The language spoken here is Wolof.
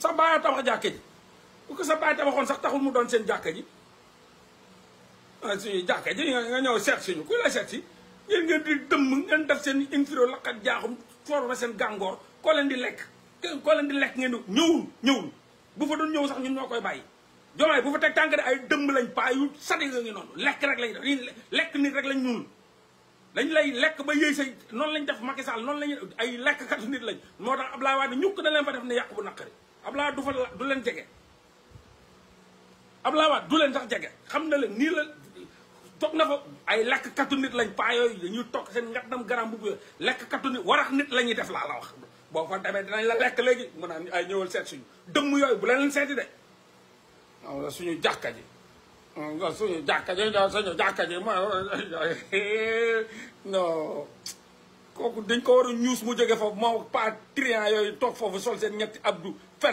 sa baay jaket, tabax jàkka ji bu ko sa baay tabaxoon sax taxul mu doon seen jàkka ji ah, suñu jàkka ji nga ñëw seet suñu ku la seet si ngeen ngeen di dëmm ngeen def laqat di lek, koo leen di lek ngeen di ñëwul ñëwul bu fa doon ñëw sax ñun ñoo koy bàyyi jomaay bu fa teg tànk de ay dëmb lañ paa yu sadi nga ngi noonu lekk rek lañ lek lekk nit rek lañ ñuul dañ lay lekk ba yëy say noonu lañ def Macky Sall lañ ay nit lañ Wade na leen fa def ne bu Abdoulaye du fa du leen jege Abdoulaye Wade du leen sax jege xam na leen nii la toog na fa ay lekk katu nit lañ paa yooyu dañuy seen ngatnam garam bu lekk katu nit warax nit la ñuy def laa la wax boo dinañ la lekk léegi mu naan ay ñëwal seet suñu dëmm yooyu bu leen leen suñu jàkka ji suñu jàkka ji suñu jàkka kooku dañ ko war a ñuus mu jóge foofu moo pa yooyu toog foofu sol seen ñetti abdu